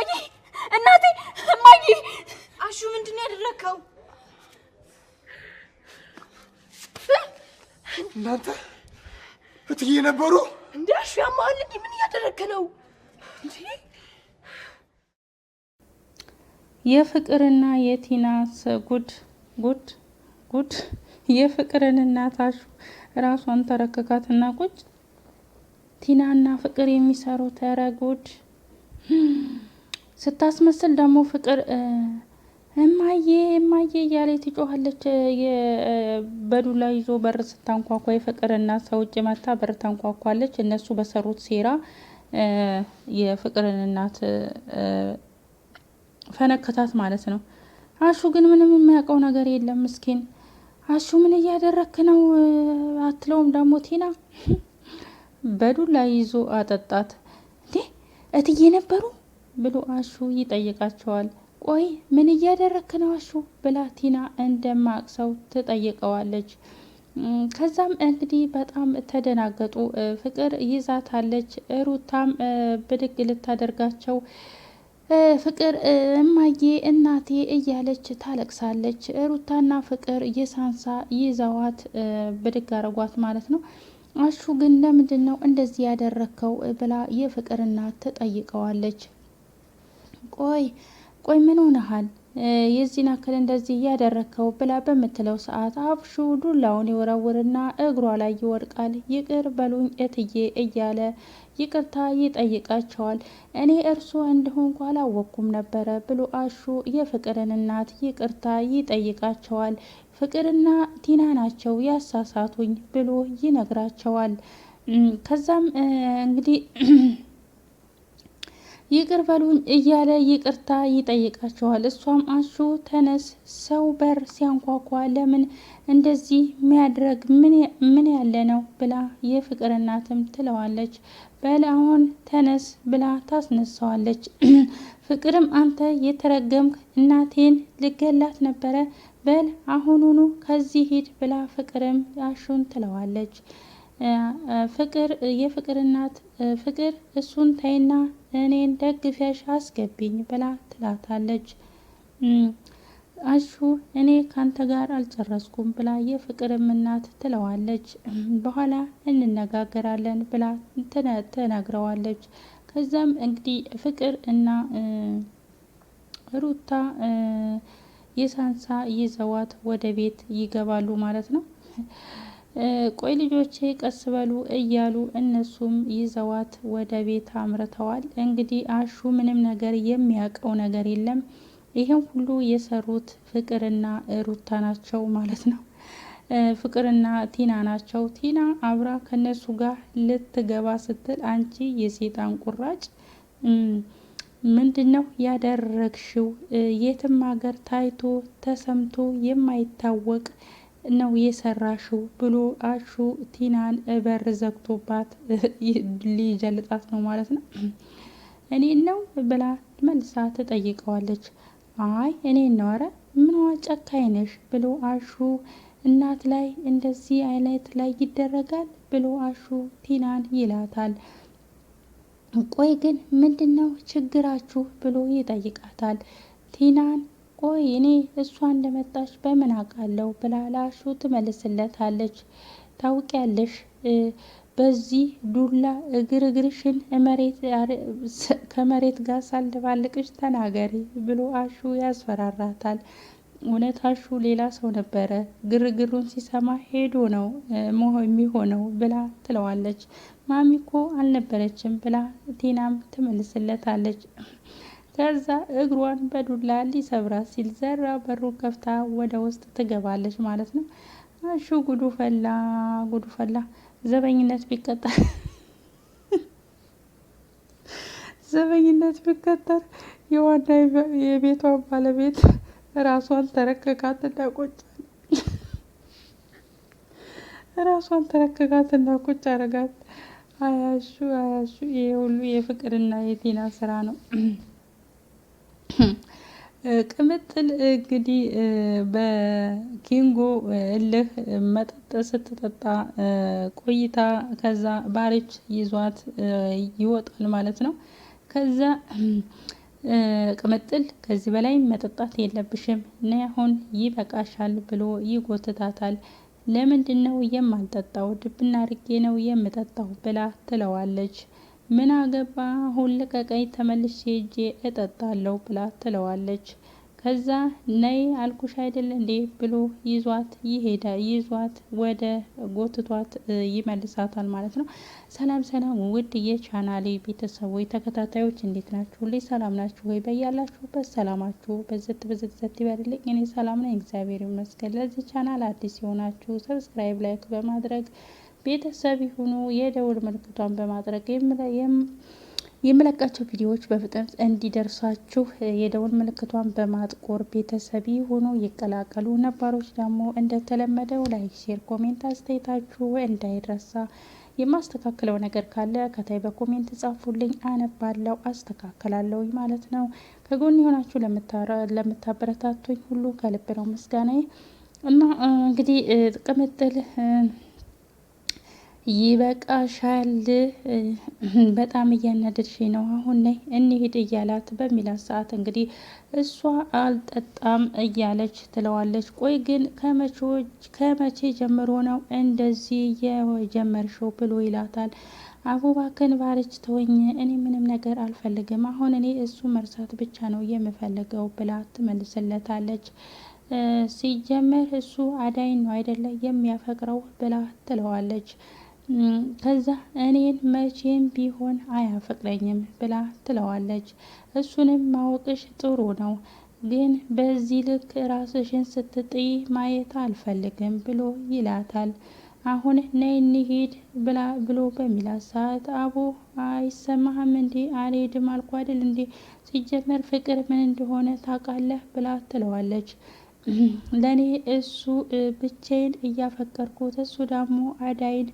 እማዬ፣ እናቴ፣ እማዬ። አሹ ምንድን ነው ያደረከው? እናንተ እትዬ ነበሩ እንዴ? አሹ ያማል እንዴ? ምን እያደረክ ነው የፍቅርና ጉድ ጉድ ጉድ! የፍቅርን እናት አሹ ራሷን ተረከካትና ቁጭ ቲናና ፍቅር የሚሰሩት ተረጉድ ስታስመስል ደግሞ ፍቅር እማዬ እማዬ እያለ ትጮኻለች። በዱላ ይዞ በር ስታንኳኳ የፍቅር እናት ከውጭ መታ በር ታንኳኳለች። እነሱ በሰሩት ሴራ የፍቅርን እናት ፈነከታት ማለት ነው። አሹ ግን ምንም የሚያውቀው ነገር የለም ምስኪን አሹ። ምን እያደረክ ነው አትለውም ደግሞ ቲና በዱላ ይዞ አጠጣት። እንዴ እትዬ ነበሩ ብሎ አሹ ይጠይቃቸዋል። ቆይ ምን እያደረክ ነው አሹ ብላ ቲና እንደማቅሰው ትጠይቀዋለች። ከዛም እንግዲህ በጣም ተደናገጡ። ፍቅር ይዛታለች። ሩታም ብድግ ልታደርጋቸው ፍቅር እማዬ እናቴ እያለች ታለቅሳለች። ሩታና ፍቅር የሳንሳ ይዘዋት ብድግ አረጓት ማለት ነው። አሹ ግን ለምንድን ነው እንደዚህ ያደረከው ብላ የፍቅር እናት ትጠይቀዋለች። ቆይ ቆይ ምን ሆነሃል? የዚህን አክል እንደዚህ እያደረግከው ብላ በምትለው ሰዓት አብሹ ዱላውን ይወረውርና እግሯ ላይ ይወድቃል። ይቅር በሉኝ እትዬ እያለ ይቅርታ ይጠይቃቸዋል። እኔ እርሱ እንደሆንኩ አላወቅኩም ነበረ ብሎ አሹ የፍቅርን እናት ይቅርታ ይጠይቃቸዋል። ፍቅርና ቲና ናቸው ያሳሳቱኝ ብሎ ይነግራቸዋል። ከዛም እንግዲህ ይቅር በሉኝ እያለ ይቅርታ ይጠይቃቸዋል። እሷም አሹ ተነስ፣ ሰው በር ሲያንኳኳ ለምን እንደዚህ ሚያድረግ ምን ያለ ነው ብላ የፍቅር እናትም ትለዋለች። በል አሁን ተነስ ብላ ታስነሳዋለች። ፍቅርም አንተ የተረገምክ እናቴን ልገላት ነበረ፣ በል አሁኑኑ ከዚህ ሂድ ብላ ፍቅርም አሹን ትለዋለች። ፍቅር የፍቅር እናት ፍቅር እሱን ተይና እኔን ደግፈሽ አስገቢኝ ብላ ትላታለች። አሹ እኔ ካንተ ጋር አልጨረስኩም ብላ የፍቅርም እናት ትለዋለች። በኋላ እንነጋገራለን ብላ ትነግረዋለች። ከዛም እንግዲህ ፍቅር እና ሩታ የሳንሳ ይዘዋት ወደ ቤት ይገባሉ ማለት ነው። ቆይ ልጆቼ ቀስ በሉ እያሉ እነሱም ይዘዋት ወደ ቤት አምርተዋል። እንግዲህ አሹ ምንም ነገር የሚያውቀው ነገር የለም። ይህም ሁሉ የሰሩት ፍቅርና ሩታ ናቸው ማለት ነው። ፍቅርና ቲና ናቸው። ቲና አብራ ከነሱ ጋር ልትገባ ስትል አንቺ የሴጣን ቁራጭ ምንድን ነው ያደረግሽው? የትም ሀገር ታይቶ ተሰምቶ የማይታወቅ ነው የሰራሽው ብሎ አሹ ቲናን በር ዘግቶባት ሊጀልጣት ነው ማለት ነው። እኔ ነው ብላ መልሳ ትጠይቀዋለች። አይ እኔ ነው አረ ምንዋ ጨካኝ ነሽ ብሎ አሹ እናት ላይ እንደዚህ አይነት ላይ ይደረጋል ብሎ አሹ ቲናን ይላታል። ቆይ ግን ምንድን ነው ችግራችሁ ብሎ ይጠይቃታል ቲናን ቆይ እኔ እሷ እንደመጣች በምን አውቃለሁ ብላ ለአሹ ትመልስለታለች። ታውቂያለሽ በዚህ ዱላ እግር እግርሽን ከመሬት ጋር ሳልደባልቅሽ ተናገሪ ብሎ አሹ ያስፈራራታል። እውነት አሹ ሌላ ሰው ነበረ፣ ግርግሩን ሲሰማ ሄዶ ነው የሚሆነው ብላ ትለዋለች። ማሚኮ አልነበረችም ብላ ቲናም ትመልስለታለች። ከዛ እግሯን በዱላ ሊሰብራ ሲል ዘራ በሩን ከፍታ ወደ ውስጥ ትገባለች ማለት ነው። እሹ ጉዱ ፈላ ጉዱ ፈላ። ዘበኝነት ቢቀጠር ዘበኝነት ቢቀጠር የዋና የቤቷን ባለቤት ራሷን ተረከካት እና ራሷን ተረከካት እና አረጋት። አያሹ አያሹ ይሄ ሁሉ የፍቅርና የቴና ስራ ነው። ቅምጥል እንግዲህ በኪንጎ እልህ መጠጥ ስትጠጣ ቆይታ ከዛ ባርች ይዟት ይወጣል ማለት ነው። ከዛ ቅምጥል ከዚህ በላይ መጠጣት የለብሽም ነይ አሁን ይበቃሻል ብሎ ይጎትታታል። ለምንድን ነው የማልጠጣው? ድብና ርጌ ነው የምጠጣው ብላ ትለዋለች ምን አገባ አሁን ልቀቀኝ፣ ተመልሼ እጄ እጠጣለሁ ብላ ትለዋለች። ከዛ ነይ አልኩሽ አይደል እንዴ ብሎ ይዟት ይሄዳ ይዟት ወደ ጎትቷት ይመልሳታል ማለት ነው። ሰላም ሰላም፣ ውድ የቻናሌ ቤተሰቦች ተከታታዮች እንዴት ናችሁ? ሁሌ ሰላም ናችሁ ወይ? በያላችሁበት ሰላማችሁ በዘት በዘት ዘት ይበልልኝ። እኔ ሰላም ነኝ፣ እግዚአብሔር ይመስገን። ለዚህ ቻናል አዲስ የሆናችሁ ሰብስክራይብ፣ ላይክ በማድረግ ቤተሰብ ይሁኑ። የደውል ምልክቷን በማድረግ የምለቃቸው ቪዲዮዎች በፍጥነት እንዲደርሳችሁ የደውል ምልክቷን በማጥቆር ቤተሰብ ይሁኑ። ይቀላቀሉ። ነባሮች ደግሞ እንደተለመደው ላይክ፣ ሼር፣ ኮሜንት አስተያየታችሁ እንዳይረሳ። የማስተካከለው ነገር ካለ ከታይ በኮሜንት ጻፉልኝ፣ አነባለው፣ አስተካከላለሁ ማለት ነው። ከጎን የሆናችሁ ለምታበረታቱኝ ሁሉ ከልብ ነው ምስጋናዬ እና እንግዲህ ቅምጥል ይበቃሻል፣ በጣም እያናደድሽ ነው፣ አሁን ነይ እንሂድ እያላት በሚላት ሰዓት እንግዲህ እሷ አልጠጣም እያለች ትለዋለች። ቆይ ግን ከመቼ ጀምሮ ነው እንደዚህ የጀመርሽው ብሎ ይላታል። አቡባክን ባርች ተወኝ፣ እኔ ምንም ነገር አልፈልግም፣ አሁን እኔ እሱ መርሳት ብቻ ነው የምፈልገው ብላ ትመልስለታለች። ሲጀመር እሱ አዳይን ነው አይደለ የሚያፈቅረው ብላ ትለዋለች። ከዛ እኔን መቼም ቢሆን አያፈቅረኝም ብላ ትለዋለች። እሱንም ማወቅሽ ጥሩ ነው ግን በዚህ ልክ ራስሽን ስትጥይ ማየት አልፈልግም ብሎ ይላታል። አሁን ነይ እንሂድ ብላ ብሎ በሚላት ሰዓት አቦ አይሰማህም እንዴ አልሄድም አልኳ አይደል እንዴ ሲጀመር ፍቅር ምን እንደሆነ ታውቃለህ ብላ ትለዋለች። ለእኔ እሱ ብቻዬን እያፈቀርኩት እሱ ደግሞ አዳይን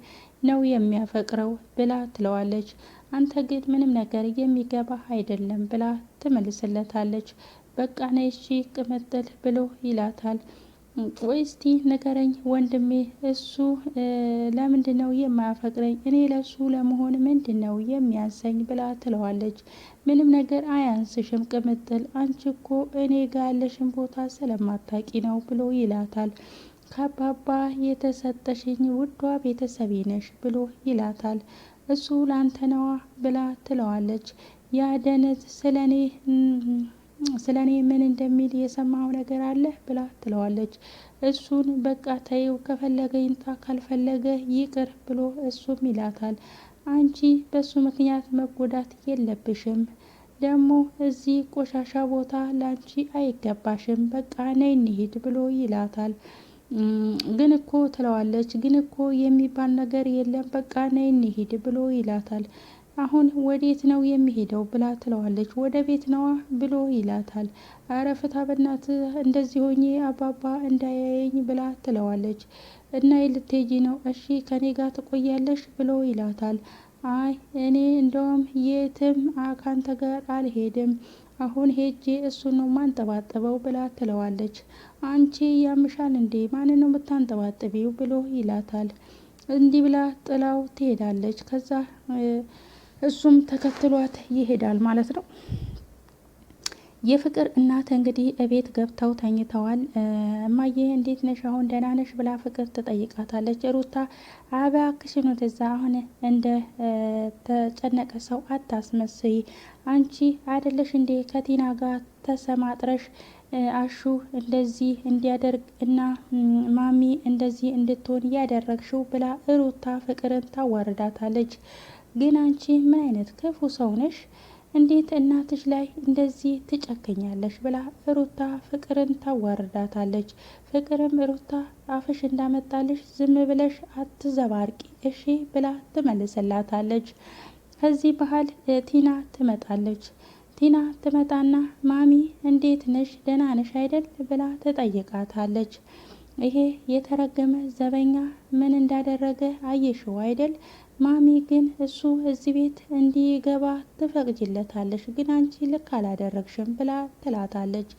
ነው የሚያፈቅረው ብላ ትለዋለች። አንተ ግን ምንም ነገር የሚገባ አይደለም ብላ ትመልስለታለች። በቃ ነይ እሺ ቅምጥል ብሎ ይላታል። ወይስቲ እስቲ ንገረኝ ወንድሜ፣ እሱ ለምንድን ነው የማያፈቅረኝ? እኔ ለሱ ለመሆን ምንድን ነው የሚያንሰኝ? ብላ ትለዋለች። ምንም ነገር አያንስሽም ቅምጥል፣ አንቺ እኮ እኔ ጋ ያለሽን ቦታ ስለማታቂ ነው ብሎ ይላታል። ከአባባ የተሰጠሽኝ ውዷ ቤተሰቤ ነሽ ብሎ ይላታል። እሱ ላንተ ነዋ ብላ ትለዋለች። ያ ደነዝ ስለ እኔ ስለ እኔ ምን እንደሚል የሰማው ነገር አለ ብላ ትለዋለች። እሱን በቃ ተይው፣ ከፈለገ ይንጣ፣ ካልፈለገ ይቅር ብሎ እሱም ይላታል። አንቺ በሱ ምክንያት መጎዳት የለብሽም ደግሞ እዚህ ቆሻሻ ቦታ ላንቺ አይገባሽም፣ በቃ ነይ እንሂድ ብሎ ይላታል። ግን እኮ ትለዋለች። ግን እኮ የሚባል ነገር የለም፣ በቃ ነይ እንሂድ ብሎ ይላታል። አሁን ወዴት ነው የሚሄደው ብላ ትለዋለች። ወደ ቤት ነዋ ብሎ ይላታል። አረ ፍታ እንደዚህ ሆኜ አባባ እንዳያየኝ ብላ ትለዋለች። እና ልትሄጂ ነው? እሺ ከኔ ጋር ትቆያለሽ ብሎ ይላታል። አይ እኔ እንደውም የትም ከአንተ ጋር አልሄድም አሁን ሄጄ እሱ ነው ማንጠባጥበው ብላ ትለዋለች። አንቺ ያምሻል እንዴ ማን ነው የምታንጠባጥቢው ብሎ ይላታል። እንዲህ ብላ ጥላው ትሄዳለች። ከዛ እሱም ተከትሏት ይሄዳል ማለት ነው። የፍቅር እናት እንግዲህ እቤት ገብተው ተኝተዋል። እማዬ እንዴት ነሽ? አሁን ደህና ነሽ? ብላ ፍቅር ትጠይቃታለች። ሩታ አባክሽን ትዛ አሁን እንደ ተጨነቀ ሰው አታስመስይ። አንቺ አይደለሽ እንዴ ከቲና ጋር ተሰማጥረሽ አሹ እንደዚህ እንዲያደርግ እና ማሚ እንደዚህ እንድትሆን ያደረግሽው? ብላ ሩታ ፍቅርን ታዋርዳታለች። ግን አንቺ ምን አይነት ክፉ ሰው ነሽ? እንዴት እናትሽ ላይ እንደዚህ ትጨክኛለሽ? ብላ ሩታ ፍቅርን ታዋርዳታለች። ፍቅርም ሩታ አፍሽ እንዳመጣልሽ ዝም ብለሽ አትዘባርቂ እሺ ብላ ትመልስላታለች። ከዚህ ባህል ቲና ትመጣለች። ቲና ትመጣና ማሚ እንዴት ነሽ? ደህና ነሽ አይደል? ብላ ትጠይቃታለች። ይሄ የተረገመ ዘበኛ ምን እንዳደረገ አየሽው አይደል? ማሚ ግን እሱ እዚህ ቤት እንዲገባ ትፈቅጅለታለች ግን አንቺ ልክ አላደረግሽም ብላ ትላታለች።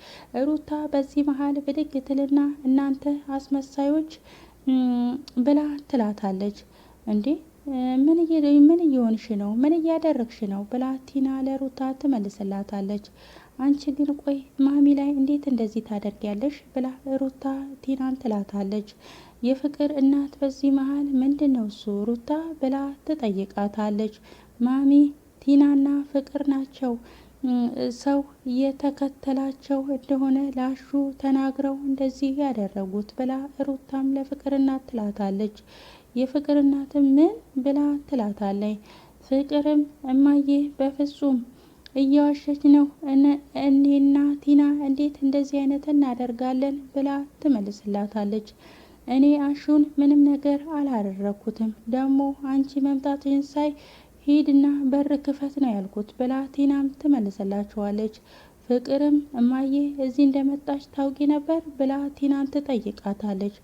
ሩታ በዚህ መሀል ብድግ ትልና እናንተ አስመሳዮች ብላ ትላታለች። እንዴ ምን እየሆንሽ ነው? ምን እያደረግሽ ነው? ብላ ቲና ለሩታ ትመልስላታለች። አንቺ ግን ቆይ ማሚ ላይ እንዴት እንደዚህ ታደርጊያለሽ? ብላ ሩታ ቲናን ትላታለች። የፍቅር እናት በዚህ መሀል ምንድን ነው እሱ ሩታ ብላ ትጠይቃታለች። ማሚ ቲናና ፍቅር ናቸው ሰው እየተከተላቸው እንደሆነ ላሹ ተናግረው እንደዚህ ያደረጉት ብላ ሩታም ለፍቅር እናት ትላታለች። የፍቅር እናትም ምን ብላ ትላታለች። ፍቅርም እማዬ በፍጹም እያዋሸች ነው። እኔና ቲና እንዴት እንደዚህ አይነት እናደርጋለን ብላ ትመልስላታለች። እኔ አሹን ምንም ነገር አላደረግኩትም። ደግሞ አንቺ መምጣትሽን ሳይ ሂድና በር ክፈት ነው ያልኩት ብላ ቲናም ትመልሰላችኋለች። ፍቅርም እማዬ እዚህ እንደመጣች ታውቂ ነበር ብላ ቲናን ትጠይቃታለች።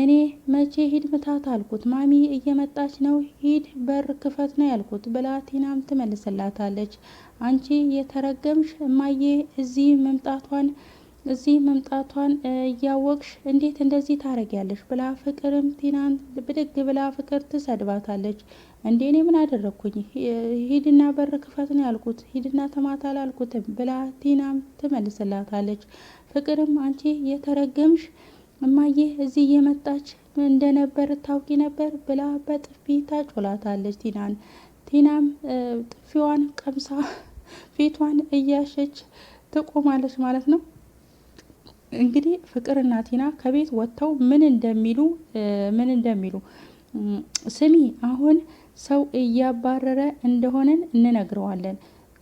እኔ መቼ ሂድ ምታት አልኩት ማሚ እየመጣች ነው ሂድ በር ክፈት ነው ያልኩት ብላ ቲናም ትመልስላታለች። አንቺ የተረገምሽ እማዬ እዚህ መምጣቷን እዚህ መምጣቷን እያወቅሽ እንዴት እንደዚህ ታረጊያለሽ? ብላ ፍቅርም ቲናን ብድግ ብላ ፍቅር ትሰድባታለች። እንዴ እኔ ምን አደረግኩኝ? ሂድና በር ክፈት ነው ያልኩት፣ ሂድና ተማታ አላልኩትም ብላ ቲናም ትመልስላታለች። ፍቅርም አንቺ የተረገምሽ እማዬ እዚህ እየመጣች እንደነበር ታውቂ ነበር ብላ በጥፊ ታጮላታለች ቲናን። ቲናም ጥፊዋን ቀምሳ ፊቷን እያሸች ትቆማለች ማለት ነው። እንግዲህ ፍቅርና ቲና ከቤት ወጥተው ምን እንደሚሉ ምን እንደሚሉ ስሚ፣ አሁን ሰው እያባረረ እንደሆነን እንነግረዋለን፣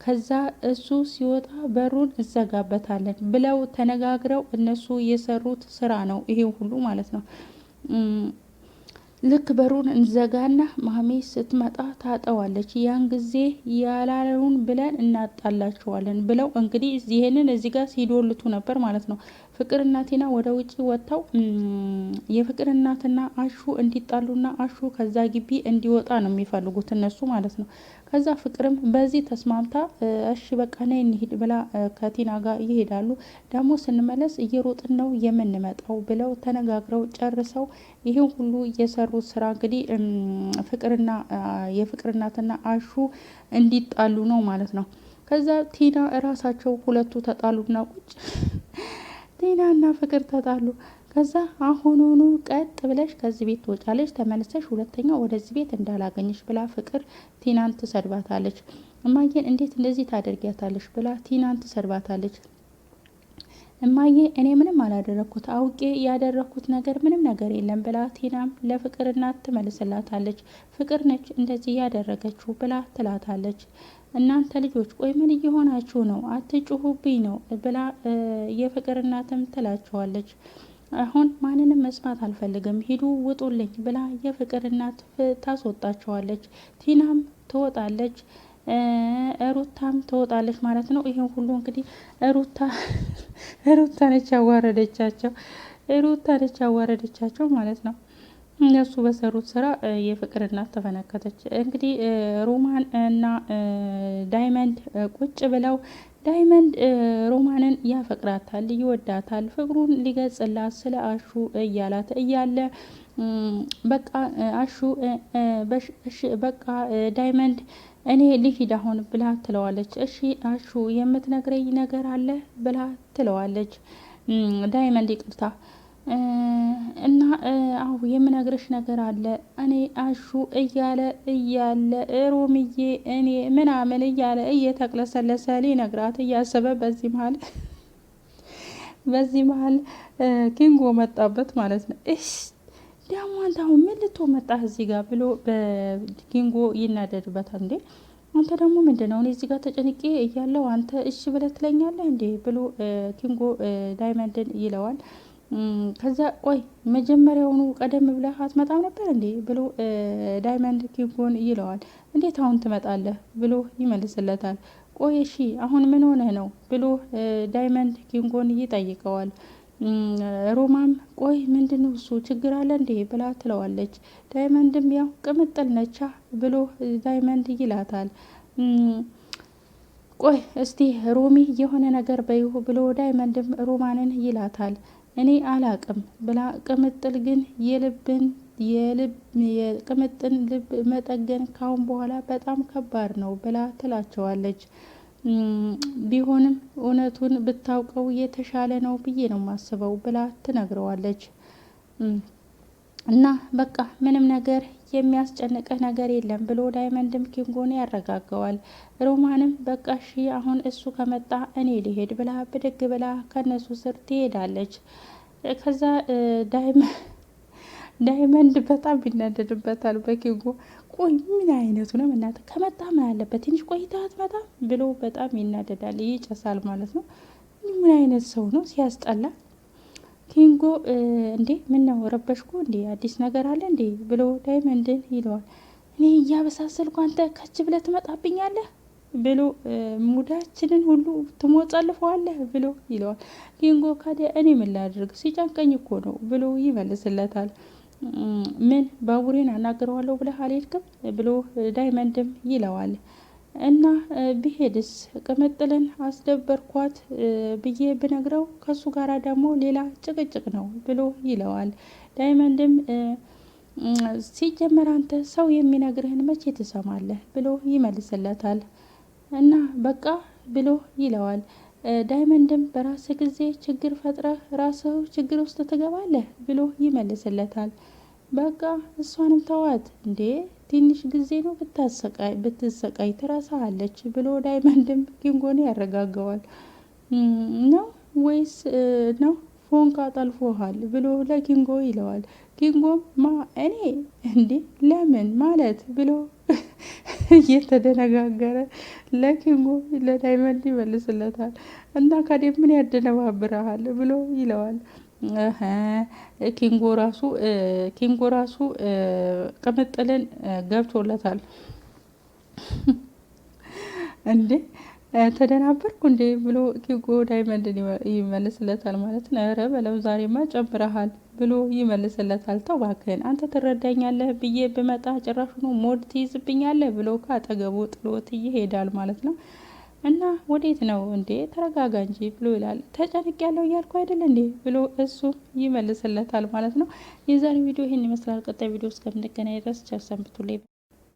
ከዛ እሱ ሲወጣ በሩን እዘጋበታለን ብለው ተነጋግረው እነሱ የሰሩት ስራ ነው ይሄ ሁሉ ማለት ነው። ልክ በሩን እንዘጋና ማሜ ስትመጣ ታጠዋለች። ያን ጊዜ ያላለውን ብለን እናጣላቸዋለን ብለው እንግዲህ ይህንን እዚህ ጋር ሲዶልቱ ነበር ማለት ነው። ፍቅርና ቲና ወደ ውጭ ወጥተው የፍቅር እናትና አሹ እንዲጣሉና አሹ ከዛ ግቢ እንዲወጣ ነው የሚፈልጉት እነሱ ማለት ነው። ከዛ ፍቅርም በዚህ ተስማምታ እሺ በቃ ነይ እንሂድ ብላ ከቲና ጋር ይሄዳሉ። ደግሞ ስንመለስ እየሮጥን ነው የምንመጣው ብለው ተነጋግረው ጨርሰው ይህን ሁሉ የሰሩት ስራ እንግዲህ ፍቅርና የፍቅር እናትና አሹ እንዲጣሉ ነው ማለት ነው። ከዛ ቲና እራሳቸው ሁለቱ ተጣሉና ቁጭ ቲናና ፍቅር ተጣሉ። ከዛ አሁኑኑ ቀጥ ብለሽ ከዚህ ቤት ትወጫለች፣ ተመልሰሽ ሁለተኛ ወደዚህ ቤት እንዳላገኝሽ ብላ ፍቅር ቲናን ትሰድባታለች። እማዬን እንዴት እንደዚህ ታደርጊያታለች ብላ ቲናን ትሰድባታለች። እማዬ እኔ ምንም አላደረግኩት አውቄ ያደረግኩት ነገር ምንም ነገር የለም ብላ ቲናም ለፍቅር እናት ትመልስላታለች። ፍቅር ነች እንደዚህ ያደረገችው ብላ ትላታለች። እናንተ ልጆች ቆይ ምን እየሆናችሁ ነው? አትጩሁብኝ ነው ብላ የፍቅር እናትም ትላቸዋለች። አሁን ማንንም መስማት አልፈልግም፣ ሂዱ ውጡልኝ ብላ የፍቅር እናት ታስወጣቸዋለች። ቲናም ትወጣለች፣ ሩታም ትወጣለች ማለት ነው። ይሄን ሁሉ እንግዲህ ሩታ ሩታ ነች ያዋረደቻቸው፣ ሩታ ነች ያዋረደቻቸው ማለት ነው። እነሱ በሰሩት ስራ የፍቅር እናት ተፈነከተች። እንግዲህ ሮማን እና ዳይመንድ ቁጭ ብለው ዳይመንድ ሮማንን ያፈቅራታል፣ ይወዳታል፣ ፍቅሩን ሊገጽላት ስለ አሹ እያላት እያለ በቃ አሹ በቃ ዳይመንድ እኔ ልሂድ አሁን ብላ ትለዋለች። እሺ አሹ የምትነግረኝ ነገር አለ ብላ ትለዋለች። ዳይመንድ ይቅርታ እና አሁ የምነግርሽ ነገር አለ እኔ አሹ እያለ እያለ ሮምዬ እኔ ምናምን እያለ እየተቅለሰለሰ ሊነግራት እያሰበ በዚህ መሀል በዚህ መሀል ኪንጎ መጣበት ማለት ነው። እሽ ደግሞ አንተ አሁን ምን ልቶ መጣህ እዚህ ጋር ብሎ በኪንጎ ይናደድበታል። እንዴ አንተ ደግሞ ምንድን ነው እኔ እዚህ ጋር ተጨንቄ እያለው አንተ እሺ ብለህ ትለኛለህ እንዴ ብሎ ኪንጎ ዳይመንድን ይለዋል። ከዛ ቆይ መጀመሪያውኑ ቀደም ብለህ አትመጣም ነበር እንዴ ብሎ ዳይመንድ ኪንጎን ይለዋል። እንዴት አሁን ትመጣለህ ብሎ ይመልስለታል። ቆይ እሺ አሁን ምን ሆነህ ነው ብሎ ዳይመንድ ኪንጎን ይጠይቀዋል። ሮማም ቆይ ምንድን ነው እሱ ችግር አለ እንዴ ብላ ትለዋለች። ዳይመንድም ያው ቅምጥል ነቻ ብሎ ዳይመንድ ይላታል። ቆይ እስቲ ሮሚ የሆነ ነገር በይሁ ብሎ ዳይመንድም ሮማንን ይላታል። እኔ አላቅም ብላ ቅምጥል ግን የልብን የልብ የቅምጥን ልብ መጠገን ካሁን በኋላ በጣም ከባድ ነው ብላ ትላቸዋለች። ቢሆንም እውነቱን ብታውቀው የተሻለ ነው ብዬ ነው የማስበው ብላ ትነግረዋለች። እና በቃ ምንም ነገር የሚያስጨንቅህ ነገር የለም ብሎ ዳይመንድም ኪንጎን ያረጋገዋል። ሮማንም በቃ እሺ አሁን እሱ ከመጣ እኔ ሊሄድ ብላ ብድግ ብላ ከነሱ ስር ትሄዳለች። ከዛ ዳይመንድ በጣም ይናደድበታል በኪንጎ ቆይ ምን አይነቱ ነው እናት ከመጣ ምን አለበት ትንሽ ቆይታ አትመጣም ብሎ በጣም ይናደዳል፣ ይጨሳል ማለት ነው። ምን አይነት ሰው ነው ሲያስጠላ ኪንጎ እንዴ ምን ነው ረበሽኩ እንዴ አዲስ ነገር አለ እንዴ ብሎ ዳይመንድን ይለዋል። እኔ እያበሳሰልኩ አንተ ከች ብለ ትመጣብኛለህ ብሎ ሙዳችንን ሁሉ ትሞጸልፈዋለህ ብሎ ይለዋል። ኪንጎ ካዲያ እኔ ምን ላድርግ ሲጨንቀኝ እኮ ነው ብሎ ይመልስለታል። ምን ባቡሬን አናግረዋለሁ ብለህ አልሄድክም ብሎ ዳይመንድም ይለዋል። እና ብሄድስ ቅምጥልን አስደበርኳት ብዬ ብነግረው ከሱ ጋራ ደግሞ ሌላ ጭቅጭቅ ነው ብሎ ይለዋል። ዳይመንድም ሲጀመር አንተ ሰው የሚነግርህን መቼ ትሰማለህ ብሎ ይመልስለታል። እና በቃ ብሎ ይለዋል። ዳይመንድም በራስህ ጊዜ ችግር ፈጥረህ ራስህ ችግር ውስጥ ትገባለህ ብሎ ይመልስለታል። በቃ እሷንም ተዋት እንዴ ትንሽ ጊዜ ነው ብታሰቃይ ብትሰቃይ ትረሳሃለች ብሎ ዳይመንድም ኪንጎን ያረጋገዋል። ነው ወይስ ነው ፎንካ ጠልፎሃል ብሎ ለኪንጎ ይለዋል። ኪንጎም ማ እኔ እንዴ ለምን ማለት ብሎ እየተደነጋገረ ለኪንጎ ለዳይመንድ ይመልስለታል። እና ካዴ ምን ያደነባብረሃል ብሎ ይለዋል። ኪንጎ ራሱ ኪንጎ ራሱ ቅምጥልን ገብቶለታል እንዴ ተደናበርኩ እንዴ ብሎ ኪንጎ ዳይመንድን ይመልስለታል ማለት ነው። ኧረ በለው ዛሬማ ጨምረሃል ብሎ ይመልስለታል። ተው እባክህን አንተ ትረዳኛለህ ብዬ ብመጣ ጭራሹኑ ሞድ ትይዝብኛለህ ብሎ ከአጠገቡ ጥሎት ይሄዳል ማለት ነው። እና ወዴት ነው እንዴ? ተረጋጋ እንጂ ብሎ ይላል። ተጨንቅ ያለው እያልኩ አይደል እንዴ ብሎ እሱ ይመልስለታል ማለት ነው። የዛሬ ቪዲዮ ይህን ይመስላል። ቀጣይ ቪዲዮ እስከምንገናኝ ድረስ ቸር ሰንብቱ።